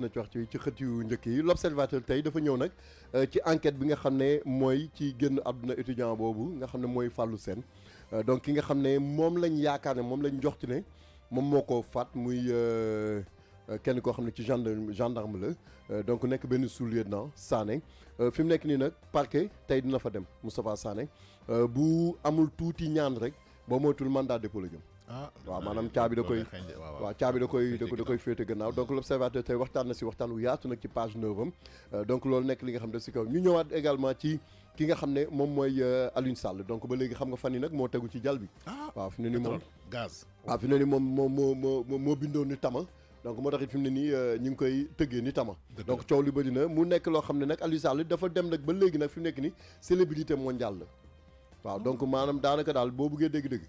na ci wax ci ci xët yu njëkk yi l'observateur tey dafa ñëw nag euh, ci enquête bi nga xam ne mooy ci génn àdduna étudiant boobu nga xam ne mooy Fallou seen euh, donc ki nga xam ne moom lañ yaakaar ne moom lañ jox ci ne moom moo ko faat muy euh, kenn koo xam ne ci gendarme gendarme la donc nekk benn sous-lieutenant Sané fi mu nekk nii nag parquet tey dina fa dem Moustapha Sané bu amul tuuti ñaan rek boo moytul mandat depo la jëm Ah, waaw maanaam caabi da koy waaw caabi da koy da koy féete gannaaw donc l' observateur tey waxtaan na si waxtaan wu yaatu nag ci page neuf am euh, donc loolu nekk li nga xam ne si kaw ñu ñëwaat également ci ki nga xam ne moom mooy euh, Alioune Sall donc ba léegi xam nga fan yi nag moo tegu ci jal bi ah, waaw fi ne ni moom gaz waaw ah, fi ne ni moom moom moo moo moo bindoon ni tama donc moo tax it fi mu ne nii euh, ñu ngi koy tëggee ni tama donc coow li bëri na mu nekk loo xam ne nag Alioune Sall dafa dem nag ba léegi nag fi mu nekk ni célébrité mondiale la waaw donc maanaam daanaka daal boo buggee dégg-dégg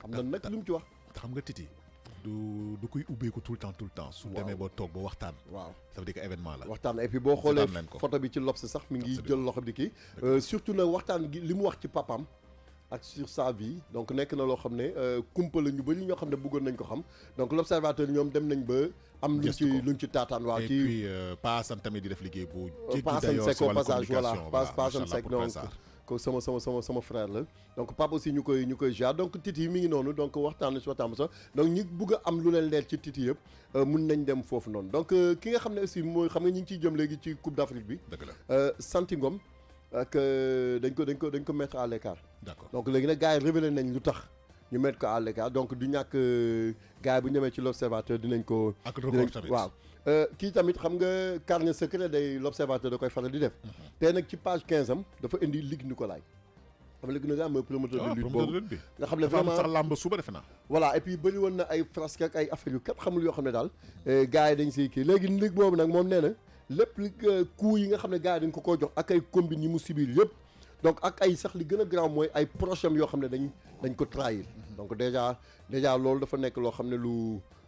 xam nga nag lu ci wax. xam nga titi. du du koy ko tout le temps tout le temps. su demee ba toog ba waxtaan. waaw dafa veut dire événement la. waxtaan et puis boo xoolee photo bi ci L'Obs sax mi ngi jël loxo di kii. Euh, surtout nag waxtaan gi li mu wax ci papam ak sur sa vie donc nekk na loo xam ne euh, kumpa la ñu bëri ñoo xam ne bëggoon nañ ko xam donc l'observateur ñoom dem nañ ba. am luñ ci luñ ci taataan waa ci et puis euh, Paasan tamit di def liggéey bu. jéggi dayoo si wàllu communication voilà Paasan Seck voilà donc ko sama sama sama frère donc papa aussi ñukoy ñukoy donc Titi mi ngi nonu donc waxtaan si waxtaan donc ñi bëgg am lu leen ci Titi euh, nañ donc euh, ki nga aussi moy xam nga ñi ngi Coupe d'Afrique bi. dëgg la euh, Ngom ak dañ mettre à l'écart. d'accord donc légui gars révéler révélé nañ lu ñu mettre à l'écart donc du ñak gars bu ñëmé ci l'observateur ko. kii tamit xam nga carnet secret day l'observateur da koy faral di def. tey nag ci page 15 am dafa indi Ligue Nicolay. xam nga Ligue Nicolay promoteur de lutte boobu nga xam ne vraiment sax làmb suba defe naa. voilà et puis bëri woon na ay frasques ak ay affaires yu képp xamul yoo xam ne daal. dañ siy kii léegi ligue boobu nag moom nee lépp li coup yi nga xam ne dañ ko koo jox ak ay combine yi mu subir yëpp. donc ak ay sax li gën a garaaw mooy ay proches yoo xam ne dañ dañ ko trahir. donc déjà déjà loolu dafa nekk loo xam ne lu.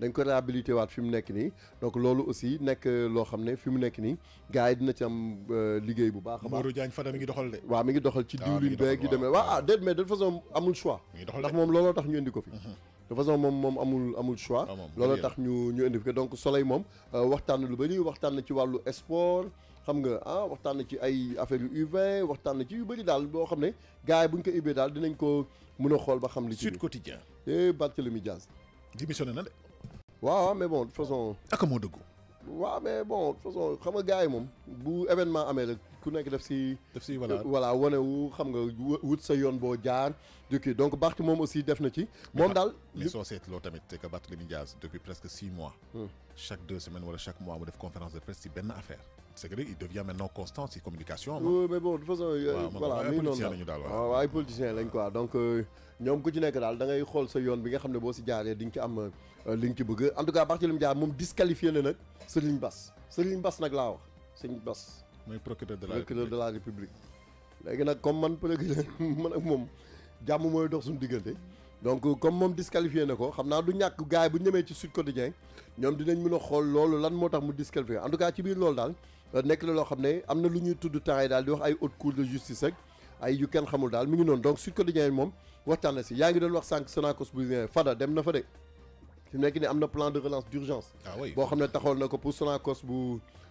dañ ko réhabilité waat fi mu nekk nii donc loolu aussi nekk euh, loo xam ne fi mu nekk nii gars yi dina ci am euh, liggéey bu baax a baax Modou Diagne Fada mi ngi doxal de waaw mi ngi doxal ci ah, diwlin beeg yi demee waaw ah déet mais de façon amul choix ndax moom looloo tax ñu indi ko fi mhm. de façon moom moom amul amul choix ah, loolu tax ñu ñu indi ko donc soleil moom euh, waxtaan lu bëri waxtaan na ci wàllu sport xam nga ah waxtaan na ci ay affaire yu U20 waxtaan na ci yu bëri daal boo xam ne gars yi bu ko ubbee daal dinañ ko mën a xool ba xam li ci Sud Quotidien eh, Barthélémy Diaz démissionné na de waaw mais bon de toute façon. ak de go. waaw mais bon de toute façon xam nga gars yi moom bu événement amee ku nekk voilà voilà wu xam nga wut donc aussi def na ci. mais soo seetloo tamit que depuis presque six mois. Hmm. chaque deux semaines wala chaque mois mu conférence de presse affaire. c'est que il devient maintenant constant communication oui mais bon de façon. Euh, voilà mais non. daal waaw ah, donc euh, ñoom ku ci nekk daal da ngay xool sa yoon bi nga si ci euh, en tout cas disqualifié na Serigne Bass Serigne Bass wax Bass mooy procureur de la procureur de la république. léegi nag comme man procureur man ak moom jàmm mooy dox suñu diggante. donc euh, comme moom disqualifié na ko xam naa du ñàkk gars yi bu ñu ci Sud Quotidien ñoom dinañ mën a xool loolu lan moo tax mu disqualifié en tout cas ci biir loolu daal euh, nekk la loo xam ne am na lu ñuy tudd temps yi daal di wax ay haute cour de justice ak ay yu kenn xamul daal mi ngi noonu donc Sud Quotidien moom waxtaan na si yaa ngi doon wax sànq Sonacos bu Fada dem na fa de fi mu nekk nii am na plan de relance d'urgence ah boo xam ne taxoon na ko pour Sonacos bu.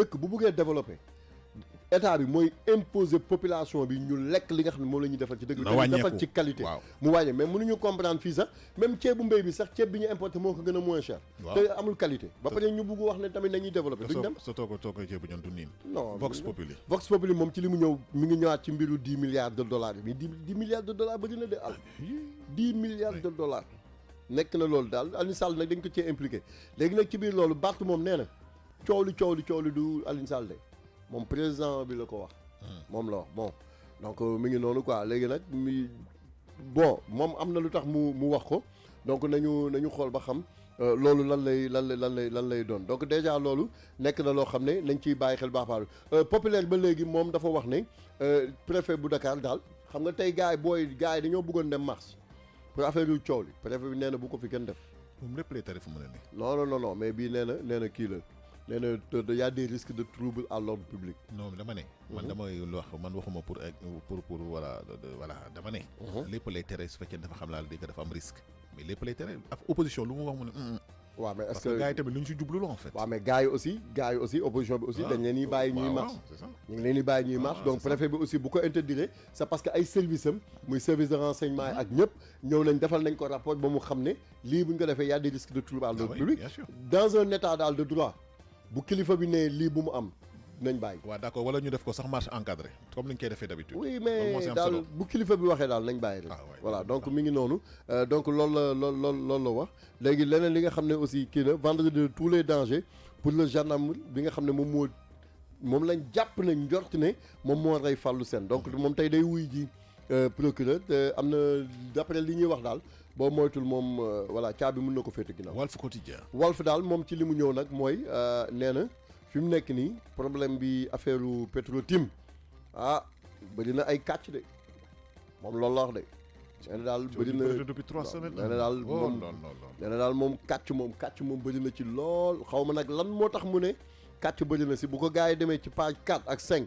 dëkk bu buggee développé état bi mooy imposer population bi ñu lekk li nga xam ne moom la ñuy defal ci dëkk bi te defal ci qualité mu wàññee mais mënuñu comprendre fii sax même ceebu mbéy bi sax ceeb bi ñu importé a moins cher te amul moom ci li mu ñëw mi ngi ñëwaat ci mbiru dix milliards de dollars yi dix milliards de dollars bëri na de al dix milliards de dollars nekk na loolu daal Aliou Sall nag dañ ko cee impliqué léegi nag ci biir loolu Barth moom nee na coow li coow li coow li du Alioune Sall de président bi lako wax. mom hmm. la wax bon donc euh, mi ngi noonu quoi légui nak mi bon mom amna lutax mu mu wax ko donc nañu nañu xol ba xam euh, lolu lan lay lan lay lan lay lan lay doon donc déjà lolu nek na lo xamné nañ ciy bàyyi xel ba a euh, populaire ba légui mom dafa wax né préfet bu Dakar dal xam nga tay gaay boy gaay gars yi dem mars pour affaire yu coow préfet bi néna bu ko fi gën def. mom lépp lay tere fu mu ne non non non mais bi néna néna ki na la nee na y a des risques de trouble à l'ordre public. non dama ne. man mhm. damay wax man waxuma pour eh, pour pour voilà voilà dama ne. Mhm. lépp lay tere su fekkee dafa xam laa dégg dafa am risque. mais lépp lay tere opposition lu mu wax mu ne. waaw mais est-ce que gars yi tamit lu ñu si jublu en fait. waaw mais gars yi aussi gars yi aussi opposition bi aussi ah, dañ leen di bàyyi ñuy marche. ñu ngi leen di bàyyi ñuy ah, marche donc préfet bi aussi bu ko interdire c'est parce que ay services am muy service de renseignement mhm. ak ñëpp ñëw nañ defal nañ ko rapport ba mu xam ne lii bu ñu ko defee y a des risques de trouble à ah l'ordre public dans un état daal de droit bu kilifa bi ne li bu mu d'accord wala ñu def ko marche encadrée comme koy d'habitude. oui mais si bu kilifa bi waxé dal nañ ah, voilà donc mi ngi euh, donc lool lool lool wax légui leneen li nga xamné aussi qui na de tous les dangers pour le gendarme bi nga xamné mom mo mom lañ japp né mom mo ray fallu donc mom tay day Euh, procureur am na d'après li ñuy wax daal boo moytul moom euh, voilà caa bi mun na ko féete ginnaaw. Walf Quotidien Walf daal moom ci li mu ñëw nag mooy euh, nee na fi mu nekk nii problème bi affaire Petro-Tim ah bëri na ay kàcc de moom loolu la wax de. nee daal na depuis trois semaines nee daal oh, moom nee moom kàcc moom kàcc moom bëri na ci lool xaw ma nag lan moo tax mu ne kàcc bëri na si bu ko gars yi demee ci page 4 ak 5.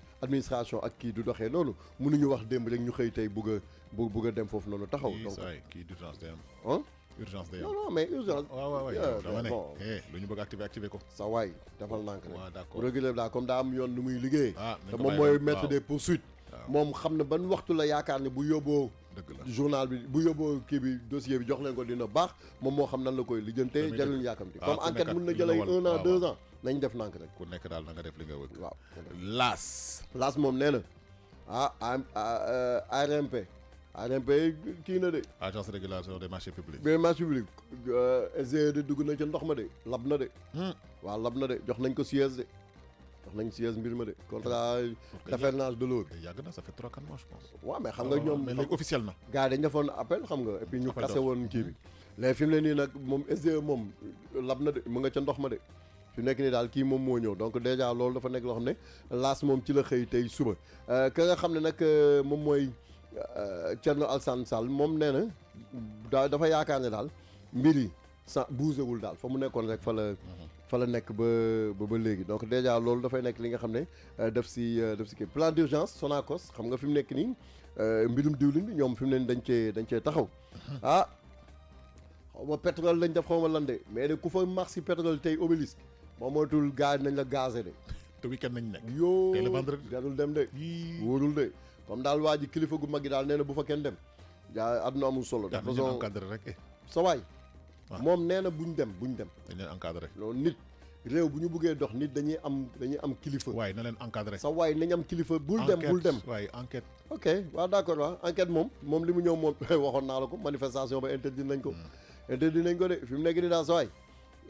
administration ak ki du doxee loolu mënuñu wax dem rek ñu xey tay bugg a dem fofu noonu taxaw. donc kii d'urgence day am. hein urgence d'ailleurs non non mais urgence. waaw waaw waaw dama ne eh, lu ñu bëgg activer activer ko. sa way defal nànk rek. waaw d'accord régulier daal comme da am yoon lu muy liggéey. Ah, te moom mooy mettre des poursuites. moom xam ban waxtu la yaakaar ne bu yóbboo. journal bi bu yóbboo kii bi dossier bi jox leen ko dina baax moom mo xam nan la koy lijjantee. jarul yàkkamti ah, comme enquête mën na jël ay 1 an 2 ah, ans. nañ def nànk rek. ku nekk daal na def li nga wëkk. waaw laas. laas moom nee na ah ARMP. Ah, ah, ARMP kii na de. agence régulation des marchés publics. des marchés publics. Euh, SDE e dugg na ca ndox ma de. lab na de. Hmm. waaw lab na de jox nañ ko siège de. wax nañ siège mbir ma de contrat d'affermage de l'eau yàgg na ça fait trois quatre mois je pense waaw mais xam nga ñoom mais léegi officiel na gars yi dañ defoon appel xam nga et puis ñu kase woon kii bi léegi hmm. fi mu ne nii nag moom SDE moom lab na de mu nga ca ndox ma de fi nekk nii daal kii moom moo ñëw donc déjà loolu dafa nekk loo xam ne laas moom ci la xëy tey suba euh, ka nga xam ne nag euh, moom mooy euh, Thierno Alassane Sall moom nee na daa dafa yaakaar ne daal mbir yi sa bougéwul daal fa mu nekkoon rek fa la fa la nekk ba ba léegi donc déjà loolu dafay nekk li nga xam ne def si def si kii plan d'urgence Sonacos xam nga fi mu nekk nii mbirum diwlin bi ñoom fi mu ne dañ cee dañ cee taxaw ah xaw ma pétrole lañ def xaw ma lan mais de ku fa marché pétrole tey obélisque boo moytuwul gars nañ la gazé de. te weekend nañ nekk. yoo tey le vendredi delul dem de. wóorul de comme daal waa ji kilifa gu mag yi daal nee na bu fa kenn dem. yaa àdduna amul solo. de façon yaa encadré rek. sa waay. moom nee na buñ dem buñ dem. dañ leen encadré. loolu nit réew bu ñu buggee dox nit dañuy am dañuy am kilifa. waay na leen encadré. sa waay nañ am kilifa. bul dem bul dem waay enquête. ok waaw d' accord moom. moom li mu ñëw moom waxoon naa la ko manifestation ba interdit nañ ko. Hmm. interdit nañ ko de fi mu nekk nii daal sa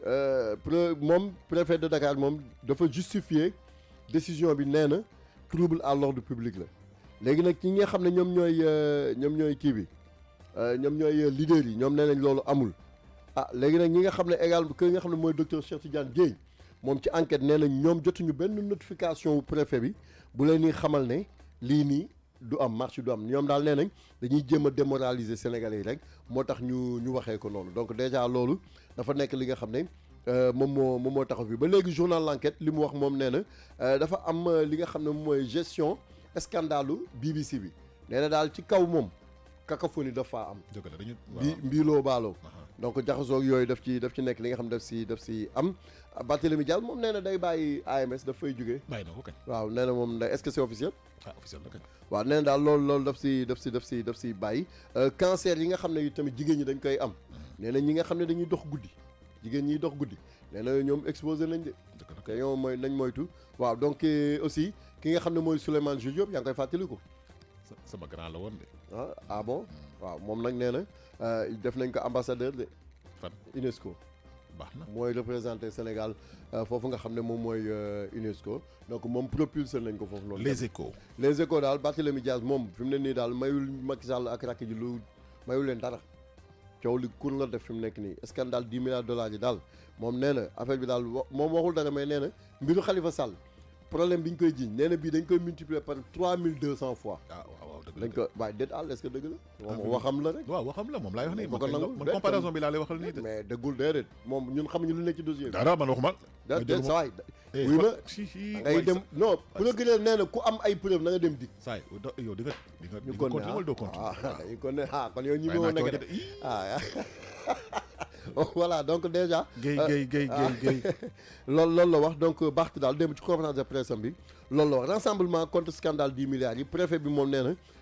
euh, moom préfet de Dakar moom dafa justifier décision bi nee trouble à l'ordre public la léegi nag ñi nga xam ne ñoom ñooy euh, ñoom ñooy kii bi euh, ñom ñoy euh, leader yi ñom nee lolu amul ah légui nak ñi nga xamné égal également nga xamné moy docteur Cheikh Tidiane Dièye mom ci enquête nee ñom ñoom jotuñu benn notification au préfet bi bu leen ni xamal né li ni du am marché du am ñoom daal nee nañ dañuy jéem a démoraliser sénégalais yi rek moo tax ñu ñu waxee ko noonu donc déjà loolu dafa nekk li nga xam ne euh, moom moo moom moo taxaw fi ba léegi journal l'enquête li mu wax moom nee na euh, dafa am euh, li nga xam ne mooy gestion scandalu BBC bi nee na daal ci kaw moom cacophonie dafa am. dëgg la dañu mbiiloo baaloo donc jaxasoo yooyu daf ci daf ci nekk li nga xam ne daf si daf si am. Barthélemy Dias moom nee na day bàyyi AMS daf fay jugee. bàyyi na ko kañ. waaw nee na moom est-ce que officiel. Ah, waaw nee na daal loolu loolu daf si daf si daf si daf si bàyyi euh, cancer yi nga xam ne tamit jigéen ñi dañ koy am. Mm-hmm. nee na ñi nga xam ne dañuy dox guddi. jigéen ñi dox guddi nee na ñoom exposé nañ de. te ñoom mooy nañ moytu. waaw donc euh, aussi ki nga xam ne mooy Souleymane Jules Diop yaa ngi koy fàttaliku. sama grand la woon de. ah ah mm. waaw moom nag nee na euh, def nañ ko ambassadeur de. fan UNESCO. mooy représenté Sénégal euh, fofu nga xamné mom moy euh, UNESCO donc mom propulsé nañ ko fofu les échos les échos dal Barthélémy Diaz moom fi mu ne nii mayul Macky Sall ak rakk ji mayul len dara ciow li kun la def fim nek ni nii scandale dix milliards dollars yi dal mom néna affaire bi dal mom waxul dara mais néna mbiru Khalifa Sall problème bi ñu koy jiiñ néna bi dañ koy multiplier par 3200 fois ah, cent fois waaw dañ ko waaye déet àll est-ce que dëgg la moom ah, waxam la rek waaw waxam la moom laay wax ni ma ko man comparaison bi laa lay waxal nii de mais dëggul déedéet moom ñun xamuñu lu nekk ci dossier dara man waxuma déet sa waay wuy ma ngay dem non procureur nee na ku am ay preuve na nga dem dik saa yi yow di nga di nga ñu continuer wala doo continuer ah, ah, kon ne ah kon yow ñi moo nekk de ah voilà donc déjà. géy géy géy géy loolu loolu la wax donc euh, Barth daal démb ci conférence de presse am bi loolu la wax rassemblement contre scandale 10 milliards yi préfet bi moom nee na.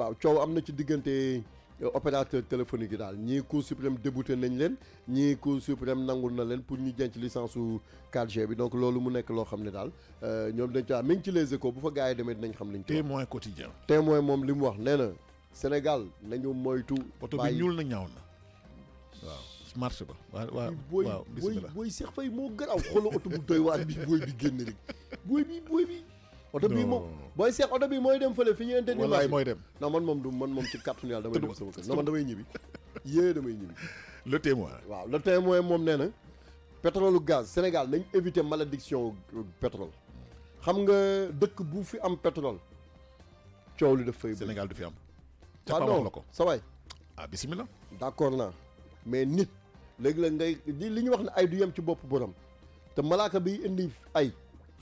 waaw coow am na ci diggante euh, opérateur téléphonique yi daal ñii Cour suprême débouté nañ leen ñii Cour suprême nangu na leen pour ñu jenc licence su 4 bi donc loolu mu nekk loo xam ne daal euh, ñoom dañ caa mi ci les ko bu fa gars yi demee dinañ xam liñ. témoin quotidien témoin moom li mu wax nee na Sénégal nañu moytu. oto bi ñuul na ñaaw na marché ba waaw waaw booy booy moo garaaw xoolal bi booy bi génn booy booy bi. oto bii moom booy seex oto bii mooy dem fële fi ñu interdit wallaay mooy dem non man moom man moom ci kàttanu yàlla damay dem sama kër non man damay ñibbi yée damay ñibbi le témoin waaw le témoin moom nee na pétrole gaz Sénégal nañ éviter malédiction pétrole xam nga dëkk bu fi am pétrole coow li daf fay Sénégal du fi am ah non sa waay ah bisimilah d'accord naa mais nit léegi la ngay li ñu wax ne ay du yem ci bopp borom te malaaka bi indi ay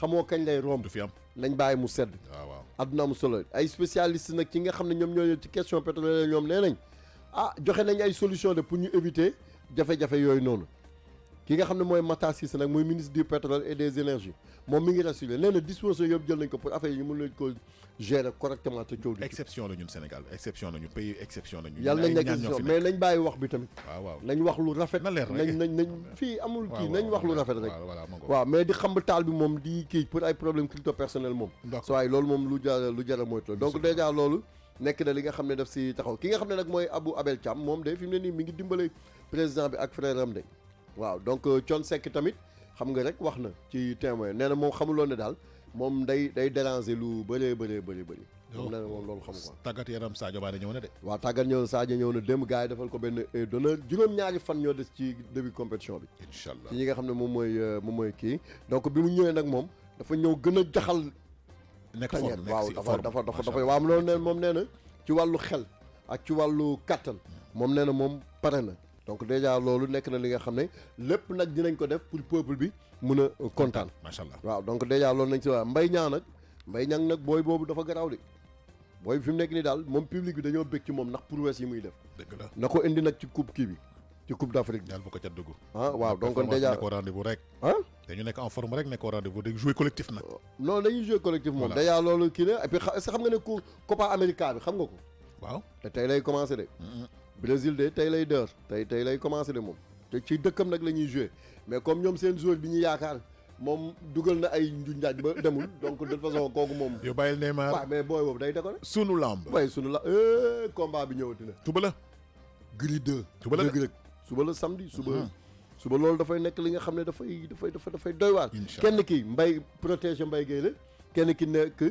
xamoo kañ lay romb du fi am nañ bàyyi mu sedd ah, waaw adduna am solo ay spécialiste nag ci nga xam ne ñoom ñoo ci question pétrolière ñoom nee nañ ah joxe nañ ay solution de pour ñu éviter jafe-jafe yooyu noonu ki nga xamne moy mata sis nak moy ministre du pétrole et des énergies mom mi ngi rassuré nee na disposition yëpp jël nañ ko pour affaire yi ñu mën leen ko gérer correctement te coow. exception la ñun Sénégal exception la ñu pays exception la ñu yalla nañ nekk mais nañ bayyi wax bi tamit. waaw waaw nañ wax lu rafet. na leer nañ nañ fi amul ki nañ wax lu rafet rek. waaw mais di xamb taal bi mom di kii pour ay problème crypto personnel mom so waaye loolu moom lu jar lu jar moy moytu donc déjà loolu. nek na li nga xamne daf ci taxaw ki nga xamne nak moy Abou Abel cham mom de fi ni mi ngi dimbalé président bi ak frère ram de waaw donc euh, Thione Seck tamit xam nga rek wax na ci témoin nee na moom xamuloo ne daal moom day day déranger lu bëree bëree bëri bëri. Oh. moom nee na moom loolu xamu tàggat yaram Sadio Mané ñëw na de. waaw tàggat ñëw na Sadio ñëw na démb gars yi defal ko benn d'honneur juróom-ñaari fan ñoo des ci début compétition bi. incha allah ñi nga xam ne moom mooy euh, moom mooy kii donc bi mu ñëwee nag moom dafa ñëw gën a jaxal. nekk forme waaw dafa dafa dafa dafa waaw loolu nee moom nee ci wàllu xel ak ci wàllu kàttan moom nee na moom pare na donc déjà loolu nekk na li nga xam ne lépp nag nañ ko def pour peuple bi mun a kontaan. macha allah waaw donc déjà loolu nañ si wax mbay ñaa nag mbay ñang nag booy boobu dafa garaaw de booy fi mu nekk nii daal moom public bi dañoo bëgg ci moom ndax prouesse yi muy def. dëgg la na ko indi nag ci coupe kii bi. ci coupe d'Afrique bi. daal bu ko ca dugg. ah waaw donc déjà nekk au rendez-vous rek. ah dañu nekk en forme rek nekk au rendez-vous dañu jouer collectif nag. Euh, non dañuy jouer collectif moom. déjà loolu kii la et puis est-ce que xam nga ne bi xam nga ko. waaw te tey commencé de. Brésil de tey lay dër tey tey lay commencé de moom te ci dëkkam nag la ñuy joué mais comme ñoom seen joueur bi ñu yaakaar moom dugal na ay nju njaaj ba demul donc de toute façon kooku moom. yow bàyyil Neymar waaw mais booy boobu day déggoo rek. sunu lamb waaye sunu lamb eh, combat bi ñëwati na. suba la. Gris 2. suba la rëg-rëg suba la samedi suba. Hmm. suba loolu dafay nekk li nga xam ne dafay dafay dafay doy waar. kenn ki mbay protéger mbay gay la kenn ki nekk.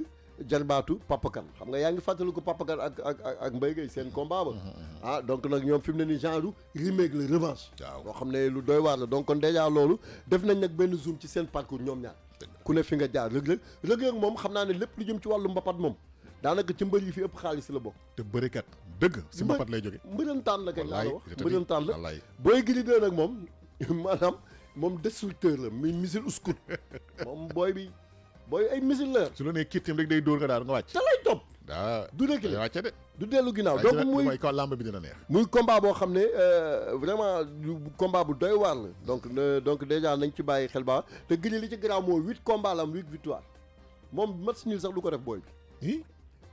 jarbaatu papakan xam nga yaa ngi fàttali ko papakan ak ak ak Mbaye seen combat ba mm-hmm, mm-hmm. ah donc nag ñoom fi mu ne ni genre remake la revanche xam ne lu doy waar la donc kon déjà loolu def nañ nag benn zoom ci seen parcours ñoom ñaar ku ne fi nga jaar rëg-rëg rëg moom xam naa ne lépp lu jëm ci wàllu mbapat moom daanaka ci mbër yi fi ëpp xaalis la bokk te bërikat dëgg si mbapat lay jóge mbërantaan la kay laa la wax mbërantaan la booy giri dee nag moom maanaam moom destructeur la mi missile scout moom booy bi boy ay missile la su la rek day door nga nga wacc da lay top du dëkk la de du donc moy ko lamb bi dina neex muy combat bo euh, combat bu doy war donc donc déjà nañ ci bàyyi xel ba te li ci mo 8 combat la 8 huit victoire je match nul sax du ko def boy bi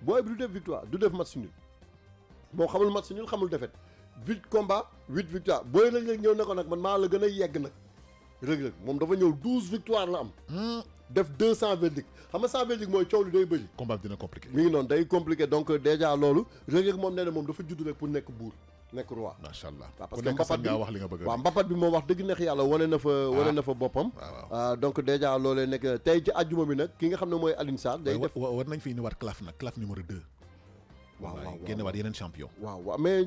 boy bi du def victoire du def match nul bo xamul match nul xamul défaite huit combat huit victoire boy rëg ñëw ne ko man maa la yegg nak rëg-rëg mom dafa ñëw douze victoire la am hmm def deux cent xam nga cent verdict mooy coow li day bëri. combat dina compliqué. mi ngi noonu day compliqué donc euh, déjà loolu Reug Reug moom nee na moom dafa judd rek pour nekk buur nekk roi. macha allah parce que mbapat bi wax li nga bëgg waaw mbapat bi moom wax dëgg neex yàlla wane na fa. Ah. wane na fa boppam. Ah, ah, donc déjà loolee nekk tey ci àjjuma bi nag ki nga xam ne mooy Alioune Sarr. day def war nañ fi indiwaat claf nag claf numéro 2. waaw waaw génne waat yeneen champion. waaw waaw mais.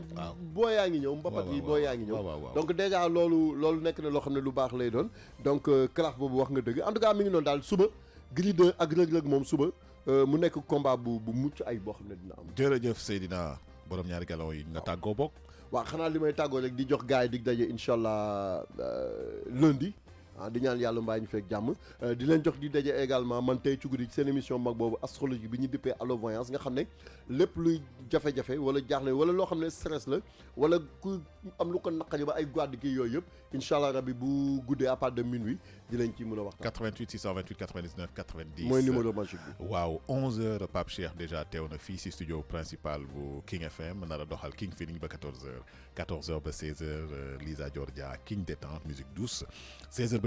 waaw yaa ngi ñëw mbapat yi boo yaa ngi ñëw. donc déjà loolu loolu nekk na loo xam ne lu baax lay doon. donc euh, claf boobu wax nga dëgg en tout cas mi ngi noonu daal suba. Gris 2 ak Reug Reug moom suba euh, mu nekk combat bu bu mucc ay boo xam ne dina am. jëf jërëjëf Seydina borom ñaari galon yi nga tàggoo bokk. waa xanaa li may tàggoo rek di jox gars yi dig daje incha allah euh, lundi. Ah, di ñaan yàlla mbaa ñu fekk jàmm euh, di leen jox di daje également man tey ci guddi ci seen émission mag boobu astrologie bi ñu dippee allo voyance nga xam ne lépp luy jafe-jafe wala jaaxle wala loo xam ne stress la wala ku am lu ko naqari ba ay gàddu gi yooyu yëpp incha allah rabi bu guddee à part de minuit di leen ci mën a wax. 88 628 99 90. mooy numéro magique waaw 11h Pape Cheikh déjà teew na fii si studio principal bu King FM nar a doxal King Feeling ba 14h 14h ba 16h euh, Lisa Georgia King détente musique douce 16h.